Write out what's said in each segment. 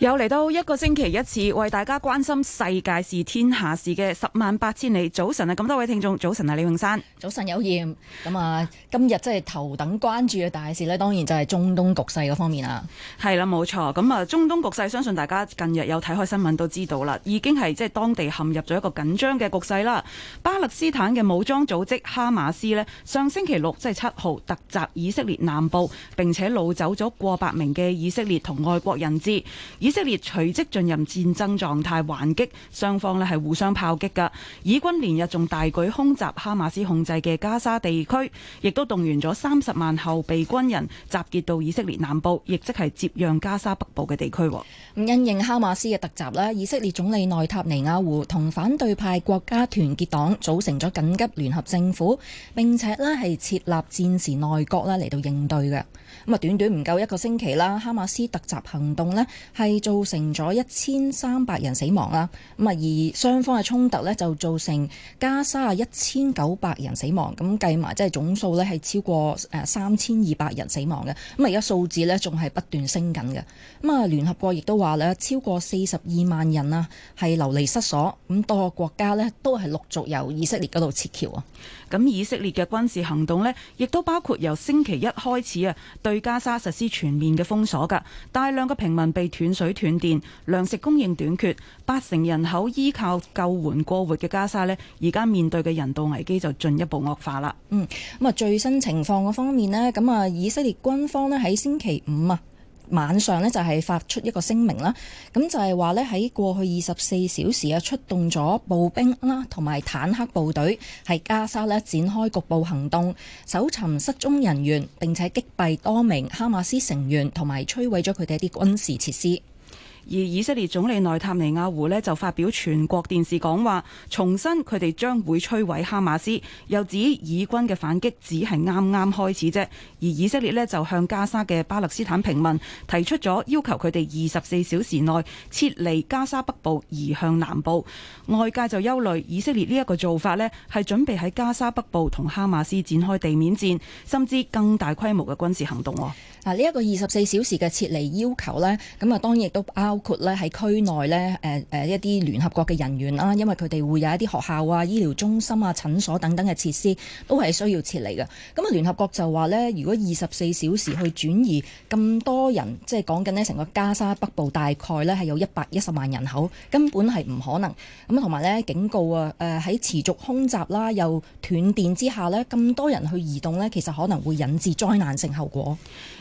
有嚟到一個星期一次，為大家關心世界事、天下事嘅十萬八千里。早晨啊，咁多位聽眾，早晨啊，李永山，早晨有鹽。咁啊，今日即係頭等關注嘅大事呢，當然就係中東局勢嗰方面啦、啊。係啦、啊，冇錯。咁啊，中東局勢，相信大家近日有睇開新聞都知道啦，已經係即係當地陷入咗一個緊張嘅局勢啦。巴勒斯坦嘅武裝組織哈馬斯呢，上星期六即係、就是、七號突襲以色列南部，並且攞走咗過百名嘅以色列同外國人質。以色列隨即進入戰爭狀態，還擊，雙方咧係互相炮擊噶。以軍連日仲大舉空襲哈馬斯控制嘅加沙地區，亦都動員咗三十萬後備軍人集結到以色列南部，亦即係接壤加沙北部嘅地區。咁因應哈馬斯嘅突襲，啦，以色列總理內塔尼亞胡同反對派國家團結黨組成咗緊急聯合政府，並且咧係設立戰時內閣啦嚟到應對嘅。咁啊，短短唔夠一個星期啦，哈馬斯突襲行動呢係造成咗一千三百人死亡啦。咁啊，而雙方嘅衝突呢，就造成加沙一千九百人死亡。咁計埋即係總數呢，係超過誒三千二百人死亡嘅。咁啊，而家數字呢，仲係不斷升緊嘅。咁啊，聯合國亦都話呢，超過四十二萬人啊，係流離失所。咁多個國家呢，都係陸續由以色列嗰度撤僑啊。咁以色列嘅軍事行動呢，亦都包括由星期一開始啊，對加沙實施全面嘅封鎖㗎。大量嘅平民被斷水斷電，糧食供應短缺，八成人口依靠救援過活嘅加沙呢，而家面對嘅人道危機就進一步惡化啦。嗯，咁啊，最新情況方面呢，咁啊以色列軍方咧喺星期五啊，晚上呢就係發出一個聲明啦，咁就係話呢喺過去二十四小時啊，出動咗步兵啦同埋坦克部隊，喺加沙呢展開局部行動，搜尋失蹤人員，並且擊斃多名哈馬斯成員，同埋摧毀咗佢哋啲軍事設施。而以色列總理內塔尼亞胡咧就發表全國電視講話，重申佢哋將會摧毀哈馬斯，又指以軍嘅反擊只係啱啱開始啫。而以色列咧就向加沙嘅巴勒斯坦平民提出咗要求，佢哋二十四小時內撤離加沙北部，移向南部。外界就憂慮以色列呢一個做法咧，係準備喺加沙北部同哈馬斯展開地面戰，甚至更大規模嘅軍事行動。嗱、啊，呢、這、一個二十四小時嘅撤離要求咧，咁啊當然亦都包括咧喺區內呢，誒誒一啲聯合國嘅人員啦，因為佢哋會有一啲學校啊、醫療中心啊、診所等等嘅設施，都係需要撤離嘅。咁啊，聯合國就話呢，如果二十四小時去轉移咁多人，即係講緊呢成個加沙北部大概咧係有一百一十萬人口，根本係唔可能。咁同埋呢，警告啊，誒喺持續空襲啦，又斷電之下呢，咁多人去移動呢，其實可能會引致災難性後果。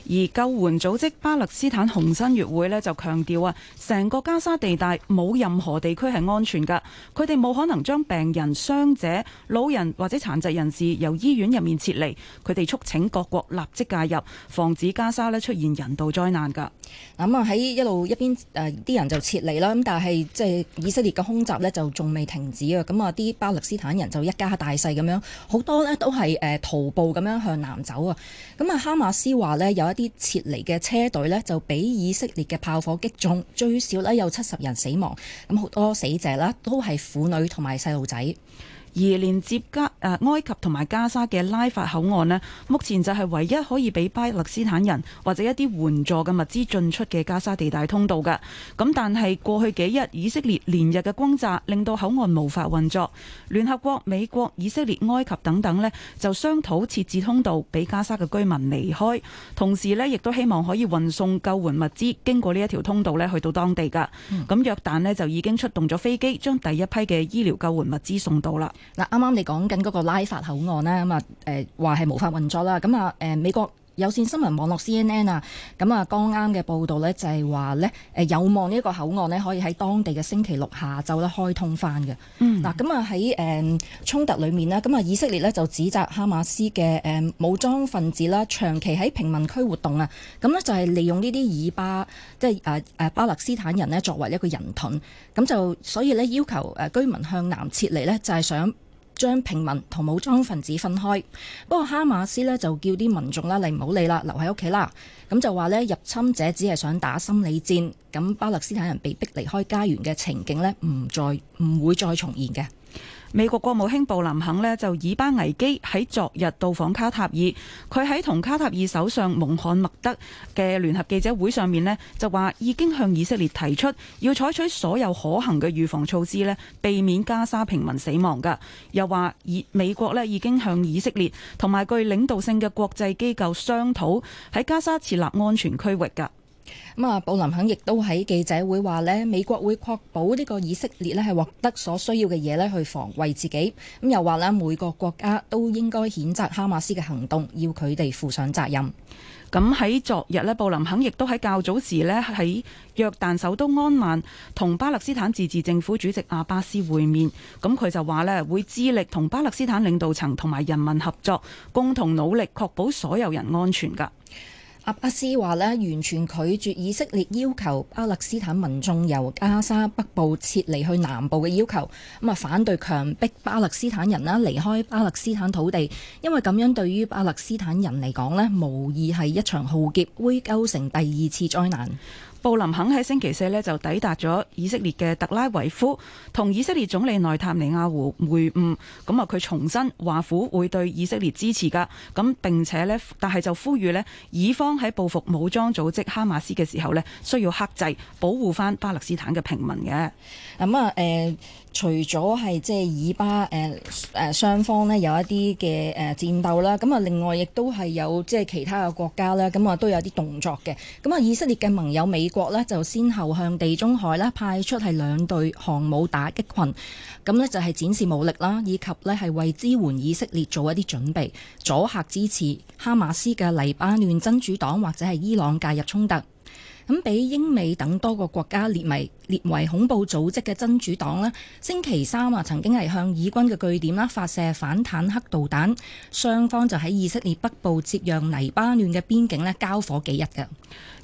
而救援組織巴勒斯坦紅新月會呢，就強調啊。成個加沙地帶冇任何地區係安全㗎，佢哋冇可能將病人、傷者、老人或者殘疾人士由醫院入面撤離，佢哋促請各國立即介入，防止加沙呢出現人道災難㗎。咁啊喺一路一邊呃、啲人就撤離啦，咁但係即係以色列嘅空襲呢就仲未停止啊！咁啊啲巴勒斯坦人就一家大細咁樣好多呢都係徒步咁樣向南走啊！咁啊哈馬斯話呢，有一啲撤離嘅車隊呢，就俾以色列嘅炮火擊中。最少呢有七十人死亡，咁好多死者啦都係婦女同埋細路仔。而連接加誒埃及同埋加沙嘅拉法口岸呢，目前就係唯一可以俾巴勒斯坦人或者一啲援助嘅物資進出嘅加沙地帶通道㗎。咁但係過去幾日以色列連日嘅轟炸，令到口岸無法運作。聯合國、美國、以色列、埃及等等呢，就商討設置通道俾加沙嘅居民離開，同時呢，亦都希望可以運送救援物資經過呢一條通道呢去到當地㗎。咁約旦呢，就已經出動咗飛機，將第一批嘅醫療救援物資送到啦。嗱，啱啱你講緊嗰個拉法口岸啦，咁啊，誒話係無法運作啦，咁啊，誒美國。有線新聞網絡 C N N 啊，咁啊剛啱嘅報導咧就係話咧，誒有望呢一個口岸咧可以喺當地嘅星期六下晝咧開通翻嘅。嗯，嗱咁啊喺誒衝突裡面咧，咁啊以色列咧就指責哈馬斯嘅誒武裝分子啦，長期喺平民區活動啊，咁咧就係利用呢啲以巴即係誒誒巴勒斯坦人呢作為一個人盾，咁就所以咧要求誒居民向南撤離咧，就係想。將平民同武裝分子分開。不過哈馬斯咧就叫啲民眾啦，嚟唔好理啦，留喺屋企啦。咁就話咧，入侵者只係想打心理戰。咁巴勒斯坦人被逼離開家園嘅情景咧，唔再唔會再重現嘅。美國國務卿布林肯就以巴危機喺昨日到訪卡塔爾，佢喺同卡塔爾首相蒙罕默德嘅聯合記者會上面就話已經向以色列提出要採取所有可行嘅預防措施，避免加沙平民死亡。噶，又話以美國已經向以色列同埋具領導性嘅國際機構商討喺加沙設立安全區域噶。咁啊，布林肯亦都喺記者會話咧，美國會確保呢個以色列咧係獲得所需要嘅嘢咧，去防衛自己。咁又話啦，每個國家都應該譴責哈馬斯嘅行動，要佢哋負上責任。咁喺昨日咧，布林肯亦都喺較早時咧喺約旦首都安曼同巴勒斯坦自治政府主席阿巴斯會面。咁佢就話咧，會致力同巴勒斯坦領導層同埋人民合作，共同努力確保所有人安全噶。阿巴斯話呢，完全拒絕以色列要求巴勒斯坦民眾由加沙北部撤離去南部嘅要求，咁啊反對強迫巴勒斯坦人啦離開巴勒斯坦土地，因為咁樣對於巴勒斯坦人嚟講呢，無疑係一場浩劫，會構成第二次災難。布林肯喺星期四咧就抵達咗以色列嘅特拉維夫，同以色列總理內塔尼亞胡會晤。咁啊，佢重申華府會對以色列支持噶，咁並且咧，但係就呼籲咧，以方喺報復武裝組織哈馬斯嘅時候咧，需要克制，保護翻巴勒斯坦嘅平民嘅。咁、嗯、啊，誒、呃、除咗係即係以巴誒誒雙方咧有一啲嘅誒戰鬥啦，咁、嗯、啊，另外亦都係有即係其他嘅國家啦，咁、嗯、啊都有啲動作嘅。咁、嗯、啊，以色列嘅盟友美。美國咧就先後向地中海咧派出係兩隊航母打擊群，咁呢就係展示武力啦，以及咧係為支援以色列做一啲準備，阻嚇支持哈馬斯嘅黎巴嫩真主黨或者係伊朗介入衝突。咁俾英美等多個國家列為列為恐怖組織嘅真主黨咧，星期三啊曾經係向以軍嘅據點啦發射反坦克導彈，雙方就喺以色列北部接壤黎巴嫩嘅邊境咧交火幾日嘅。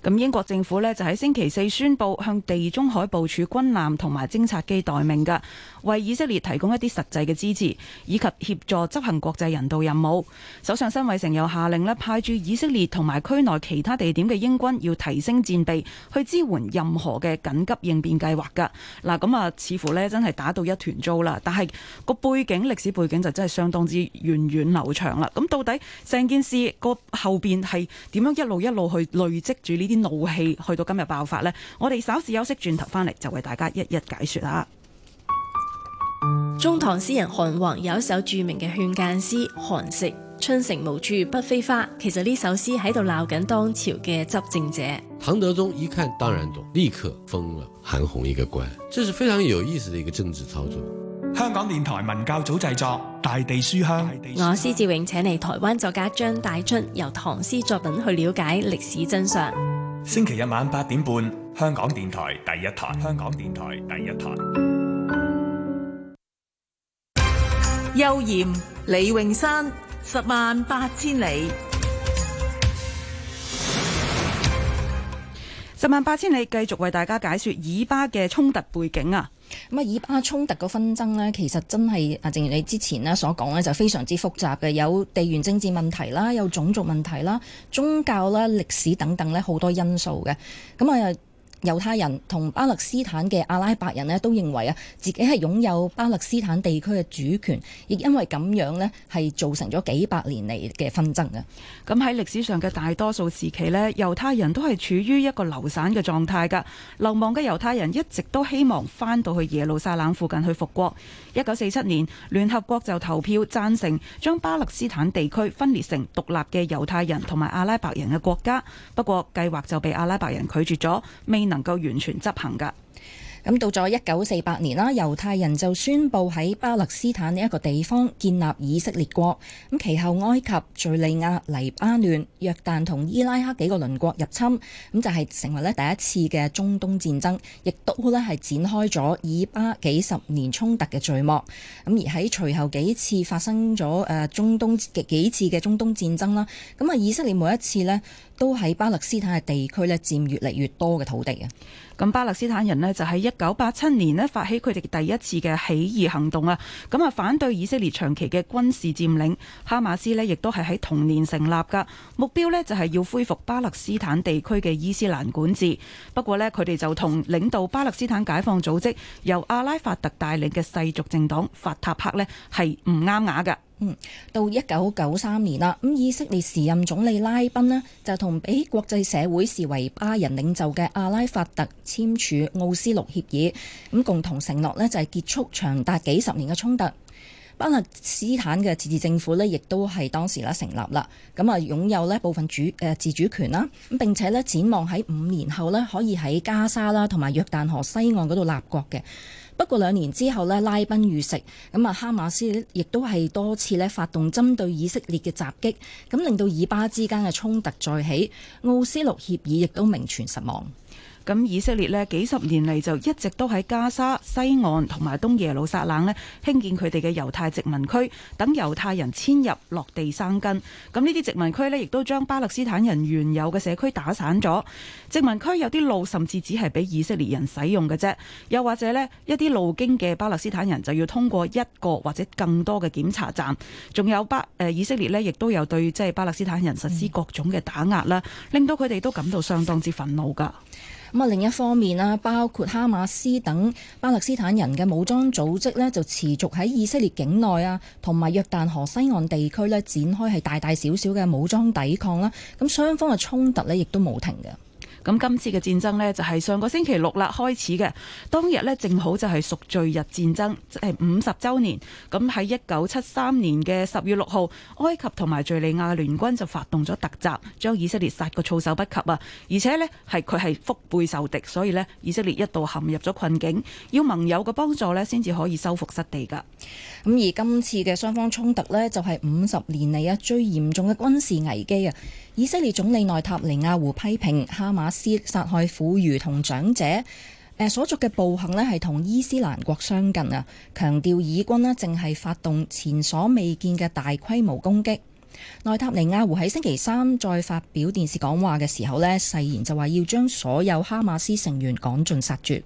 咁英國政府呢，就喺星期四宣布向地中海部署軍艦同埋偵察機待命噶，為以色列提供一啲實際嘅支持，以及協助執行國際人道任務。首相辛偉誠又下令呢，派駐以色列同埋區內其他地點嘅英軍要提升戰備，去支援任何嘅緊急應變計劃噶。嗱，咁啊，似乎呢，真係打到一團糟啦。但係個背景歷史背景就真係相當之源遠流長啦。咁到底成件事個後邊係點樣一路一路去累積住呢啲怒氣去到今日爆發咧，我哋稍事休息，轉頭翻嚟，就為大家一一解說啦。中唐詩人韓翃有一首著名嘅勸諫詩《寒食春城無處不飛花》，其實呢首詩喺度鬧緊當朝嘅執政者。唐德宗一看，當然懂，立刻封了韓翃一個官。這是非常有意思的一個政治操作。香港電台文教組製作《大地書香》書香，我施志永請嚟台灣作家張大春，由唐詩作品去了解歷史真相。星期日晚八點半，香港電台第一台。香港電台第一台。邱賢、李永山，十萬八千里。十萬八千里繼續為大家解説以巴嘅衝突背景啊！咁啊，以巴衝突嘅紛爭呢，其實真係啊，正如你之前咧所講咧，就非常之複雜嘅，有地緣政治問題啦，有種族問題啦，宗教啦、歷史等等咧好多因素嘅，咁、嗯、啊。猶太人同巴勒斯坦嘅阿拉伯人呢，都認為啊，自己係擁有巴勒斯坦地區嘅主權，亦因為咁樣呢，係造成咗幾百年嚟嘅紛爭嘅。咁喺歷史上嘅大多數時期呢，猶太人都係處於一個流散嘅狀態㗎。流亡嘅猶太人一直都希望翻到去耶路撒冷附近去復國。一九四七年，聯合國就投票贊成將巴勒斯坦地區分裂成獨立嘅猶太人同埋阿拉伯人嘅國家，不過計劃就被阿拉伯人拒絕咗，未能能夠完全執行噶。咁到咗一九四八年啦，猶太人就宣佈喺巴勒斯坦呢一個地方建立以色列國。咁其後埃及、敘利亞、黎巴嫩、約旦同伊拉克幾個鄰國入侵，咁就係成為咧第一次嘅中東戰爭，亦都咧係展開咗以巴幾十年衝突嘅序幕。咁而喺隨後幾次發生咗誒中東幾次嘅中東戰爭啦，咁啊以色列每一次呢都喺巴勒斯坦嘅地區呢佔越嚟越多嘅土地。咁巴勒斯坦人呢就喺一九八七年呢發起佢哋第一次嘅起義行動啊！咁啊，反對以色列長期嘅軍事佔領。哈馬斯呢亦都係喺同年成立噶，目標呢就係要恢復巴勒斯坦地區嘅伊斯蘭管治。不過呢佢哋就同領導巴勒斯坦解放組織由阿拉法特帶領嘅世俗政黨法塔赫呢係唔啱眼噶。嗯，到一九九三年啦，咁以色列時任總理拉賓呢，就同俾國際社會視為巴人領袖嘅阿拉法特簽署奧斯陸協議，咁共同承諾呢就係、是、結束長達幾十年嘅衝突。巴勒斯坦嘅自治政府呢，亦都係當時啦成立啦，咁啊擁有咧部分主誒、呃、自主權啦，咁並且呢，展望喺五年後呢，可以喺加沙啦同埋約旦河西岸嗰度立國嘅。不過兩年之後咧，拉賓遇刺，咁啊哈馬斯亦都係多次咧發動針對以色列嘅襲擊，咁令到以巴之間嘅衝突再起，奧斯陸協議亦都名存實亡。咁以色列呢幾十年嚟就一直都喺加沙西岸同埋東耶路撒冷呢興建佢哋嘅猶太殖民區，等猶太人遷入落地生根。咁呢啲殖民區呢亦都將巴勒斯坦人原有嘅社區打散咗。殖民區有啲路甚至只係俾以色列人使用嘅啫，又或者呢一啲路經嘅巴勒斯坦人就要通過一個或者更多嘅檢查站。仲有巴、呃、以色列呢，亦都有對即係巴勒斯坦人實施各種嘅打壓啦、嗯，令到佢哋都感到相當之憤怒㗎。另一方面，包括哈馬斯等巴勒斯坦人嘅武裝組織咧，就持續喺以色列境內啊，同埋約旦河西岸地區咧，展開係大大小小嘅武裝抵抗啦。咁雙方嘅衝突咧，亦都冇停嘅。咁今次嘅戰爭呢，就係上個星期六啦，開始嘅。當日呢，正好就係贖罪日戰爭，即係五十週年。咁喺一九七三年嘅十月六號，埃及同埋敘利亞聯軍就發動咗突襲，將以色列殺個措手不及啊！而且呢，係佢係腹背受敵，所以呢，以色列一度陷入咗困境，要盟友嘅幫助呢，先至可以收復失地噶。咁而今次嘅雙方衝突呢，就係五十年嚟啊最嚴重嘅軍事危機啊！以色列總理內塔尼亞胡批評哈馬斯殺害婦孺同長者，所作嘅暴行咧係同伊斯蘭國相近啊！強調以軍咧正係發動前所未見嘅大規模攻擊。內塔尼亞胡喺星期三再發表電視講話嘅時候咧，誓言就話要將所有哈馬斯成員趕盡殺絕。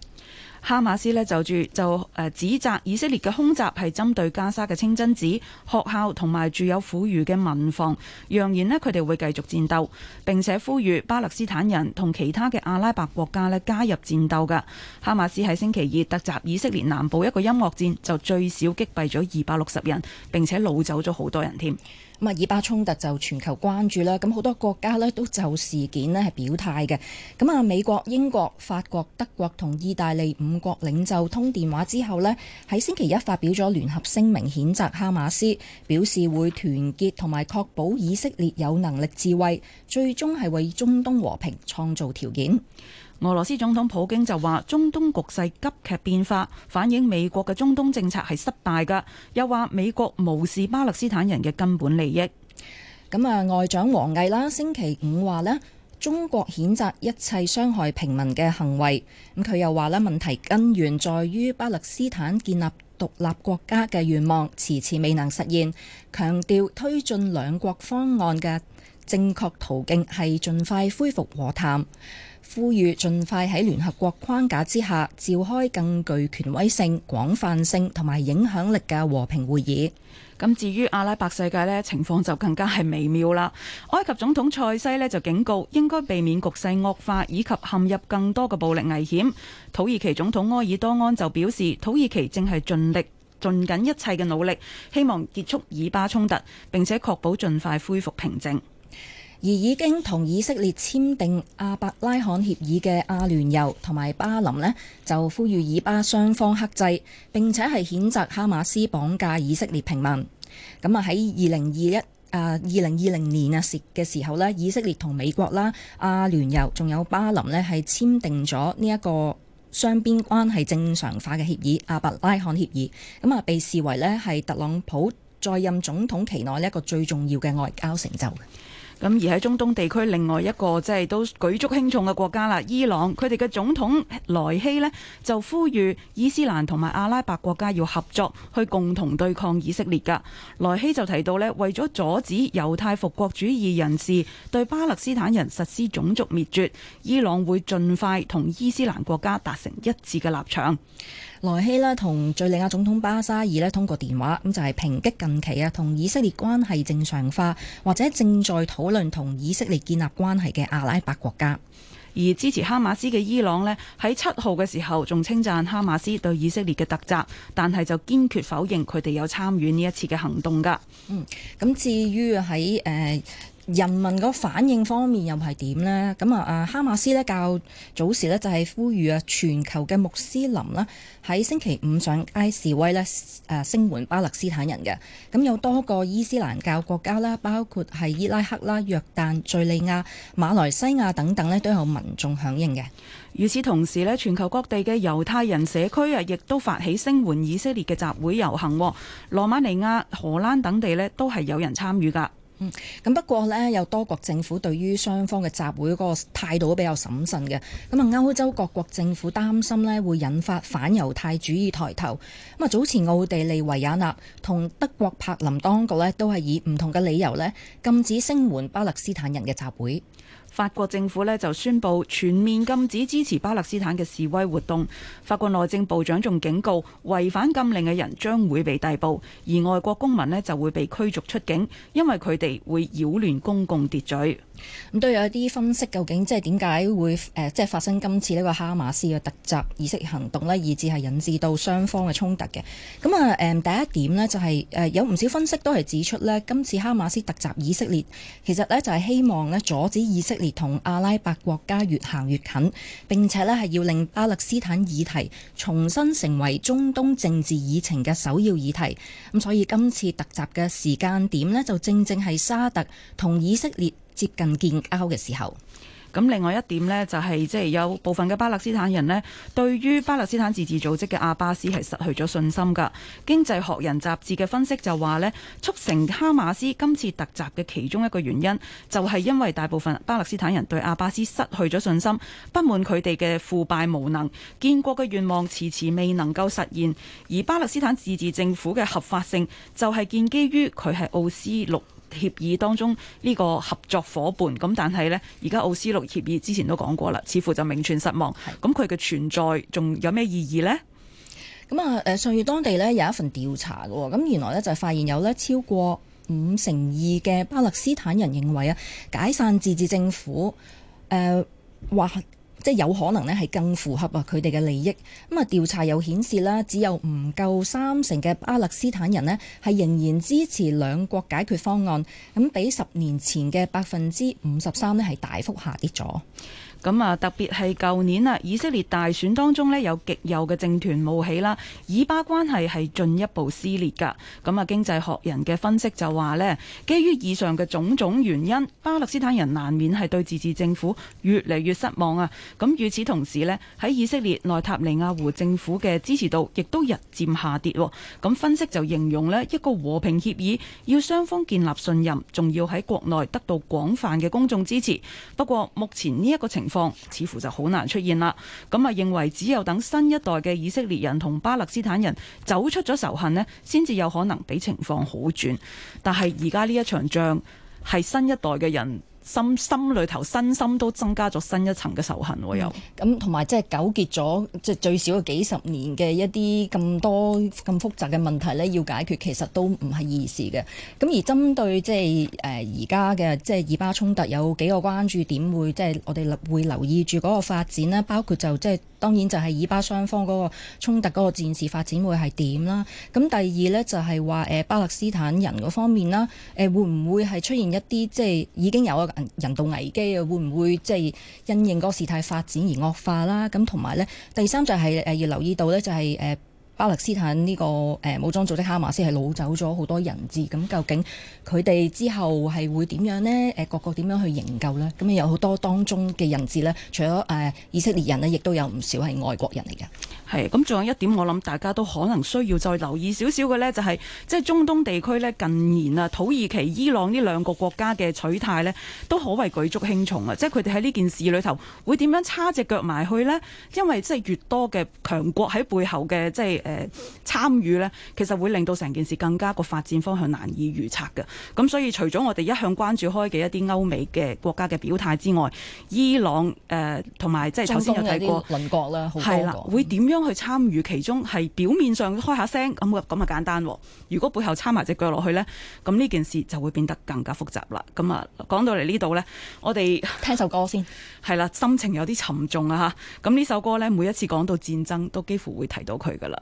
哈馬斯就住就指責以色列嘅空襲係針對加沙嘅清真寺、學校同埋住有婦孺嘅民房，揚言咧佢哋會繼續戰鬥，並且呼籲巴勒斯坦人同其他嘅阿拉伯國家加入戰鬥嘅。哈馬斯喺星期二突襲以色列南部一個音樂節就最少擊斃咗二百六十人，並且擄走咗好多人添。咁啊，以巴衝突就全球關注啦。咁好多國家咧都就事件咧係表態嘅。咁啊，美國、英國、法國、德國同意大利五國領袖通電話之後咧，喺星期一發表咗聯合聲明，譴責哈馬斯，表示會團結同埋確保以色列有能力自衛，最終係為中東和平創造條件。俄羅斯總統普京就話中東局勢急劇變化，反映美國嘅中東政策係失敗噶。又話美國無視巴勒斯坦人嘅根本利益。咁啊，外長王毅啦，星期五話呢，中國譴責一切傷害平民嘅行為。咁佢又話呢，問題根源在於巴勒斯坦建立獨立國家嘅願望遲遲未能實現，強調推進兩國方案嘅正確途徑係盡快恢復和談。呼籲盡快喺聯合國框架之下召開更具權威性、廣泛性同埋影響力嘅和平會議。咁至於阿拉伯世界呢，情況就更加係微妙啦。埃及總統塞西呢就警告，應該避免局勢惡化以及陷入更多嘅暴力危險。土耳其總統埃爾多安就表示，土耳其正係盡力盡緊一切嘅努力，希望結束以巴衝突，並且確保盡快恢復平靜。而已經同以色列簽訂阿伯拉罕協議嘅阿聯酋同埋巴林呢，就呼籲以巴雙方克制，並且係譴責哈馬斯綁架以色列平民。咁啊喺二零二一啊二零二零年啊時嘅時候呢，以色列同美國啦、阿聯酋仲有巴林呢，係簽訂咗呢一個雙邊關係正常化嘅協議——阿伯拉罕協議。咁啊，被視為呢，係特朗普在任總統期內呢一個最重要嘅外交成就。咁而喺中東地區另外一個即係都舉足輕重嘅國家啦，伊朗佢哋嘅總統萊希呢就呼籲伊斯蘭同埋阿拉伯國家要合作去共同對抗以色列噶。萊希就提到呢，為咗阻止猶太復國主義人士對巴勒斯坦人實施種族滅絕，伊朗會盡快同伊斯蘭國家達成一致嘅立場。萊希咧同敘利亞總統巴沙爾咧通過電話，咁就係抨擊近期啊同以色列關係正常化或者正在討論同以色列建立關係嘅阿拉伯國家。而支持哈馬斯嘅伊朗咧喺七號嘅時候仲稱讚哈馬斯對以色列嘅突襲，但係就堅決否認佢哋有參與呢一次嘅行動噶。嗯，咁至於喺誒。呃人民個反應方面又係點呢？咁啊啊，哈馬斯咧較早時呢，就係呼籲啊全球嘅穆斯林啦喺星期五上街示威咧，誒聲援巴勒斯坦人嘅。咁有多個伊斯蘭教國家啦，包括係伊拉克啦、約旦、敍利亞、馬來西亞等等呢，都有民眾響應嘅。與此同時呢，全球各地嘅猶太人社區啊，亦都發起聲援以色列嘅集會遊行，羅馬尼亞、荷蘭等地呢，都係有人參與噶。咁、嗯、不過呢有多國政府對於雙方嘅集會嗰個態度都比較審慎嘅。咁啊，歐洲各國政府擔心呢會引發反猶太主義抬頭。咁啊，早前奧地利維也納同德國柏林當局呢都係以唔同嘅理由呢禁止聲援巴勒斯坦人嘅集會。法國政府呢就宣布全面禁止支持巴勒斯坦嘅示威活動。法國內政部長仲警告，違反禁令嘅人將會被逮捕，而外國公民呢就會被驅逐出境，因為佢哋會擾亂公共秩序。咁都有一啲分析，究竟即係點解會誒，即、呃、係、就是、發生今次呢個哈馬斯嘅突襲以色列行動呢？以至係引致到雙方嘅衝突嘅。咁啊，誒、呃，第一點呢就係、是、誒、呃、有唔少分析都係指出呢，今次哈馬斯突襲以色列，其實呢就係、是、希望呢阻止以色列同阿拉伯國家越行越近，並且呢係要令巴勒斯坦議題重新成為中東政治議程嘅首要議題。咁所以今次突襲嘅時間點呢，就正正係沙特同以色列，接近建交嘅時候，咁另外一點呢、就係，就係即係有部分嘅巴勒斯坦人呢，對於巴勒斯坦自治組織嘅阿巴斯係失去咗信心噶。經濟學人雜誌嘅分析就話呢，促成哈馬斯今次突襲嘅其中一個原因，就係因為大部分巴勒斯坦人對阿巴斯失去咗信心，不滿佢哋嘅腐敗無能，建國嘅願望遲遲未能夠實現，而巴勒斯坦自治政府嘅合法性就係建基於佢係奧斯陸協議當中呢、呢個合作伙伴咁，但係呢，而家奧斯陸協議之前都講過啦，似乎就名存實亡。咁佢嘅存在仲有咩意義呢？咁啊，誒上月當地呢有一份調查嘅，咁原來呢就發現有呢超過五成二嘅巴勒斯坦人認為啊，解散自治政府誒或，呃即係有可能咧，係更符合啊佢哋嘅利益。咁啊，調查又顯示啦，只有唔夠三成嘅巴勒斯坦人咧，係仍然支持兩國解決方案。咁比十年前嘅百分之五十三咧，係大幅下跌咗。咁啊，特別係舊年啊，以色列大選當中呢，有極右嘅政團冒起啦，以巴關係係進一步撕裂㗎。咁啊，經濟學人嘅分析就話呢，基於以上嘅種種原因，巴勒斯坦人難免係對自治政府越嚟越失望啊。咁與此同時呢，喺以色列內塔尼亞胡政府嘅支持度亦都日漸下跌。咁分析就形容呢，一個和平協議要雙方建立信任，仲要喺國內得到廣泛嘅公眾支持。不過目前呢一個情況況似乎就好難出現啦，咁啊認為只有等新一代嘅以色列人同巴勒斯坦人走出咗仇恨呢，先至有可能俾情況好轉。但係而家呢一場仗，係新一代嘅人。心心裡頭身心都增加咗新一層嘅仇恨喎，又咁同埋即係糾結咗即係最少嘅幾十年嘅一啲咁多咁複雜嘅問題咧，要解決其實都唔係易事嘅。咁而針對即係誒而家嘅即係以巴衝突，有幾個關注點會即係、就係、我哋留會留意住嗰個發展啦，包括就即、是、係。當然就係以巴雙方嗰個衝突嗰個戰事發展會係點啦，咁第二呢，就係話誒巴勒斯坦人嗰方面啦，誒會唔會係出現一啲即係已經有個人道危機啊？會唔會即係因應個事態發展而惡化啦？咁同埋呢，第三就係誒要留意到呢，就係誒巴勒斯坦呢個誒武裝組織哈馬斯係擄走咗好多人質，咁究竟佢哋之後係會點樣呢？誒，各個點樣去營救呢？咁有好多當中嘅人質呢，除咗誒以色列人呢，亦都有唔少係外國人嚟嘅。係咁，仲有一點我諗大家都可能需要再留意少少嘅呢，就係即係中東地區呢。近年啊，土耳其、伊朗呢兩個國家嘅取態呢，都可謂舉足輕重啊！即係佢哋喺呢件事裏頭會點樣叉隻腳埋去呢？因為即係越多嘅強國喺背後嘅即係。誒，參與呢，其實會令到成件事更加個發展方向難以預測嘅。咁所以除咗我哋一向關注開嘅一啲歐美嘅國家嘅表態之外，伊朗誒，同埋即係頭先有睇過鄰國啦，係啦，會點樣去參與其中？係表面上開下聲咁，咁啊簡單。如果背後插埋隻腳落去呢，咁呢件事就會變得更加複雜啦。咁啊，講到嚟呢度呢，我哋聽首歌先。係啦，心情有啲沉重啊吓。咁呢首歌呢，每一次講到戰爭，都幾乎會提到佢噶啦。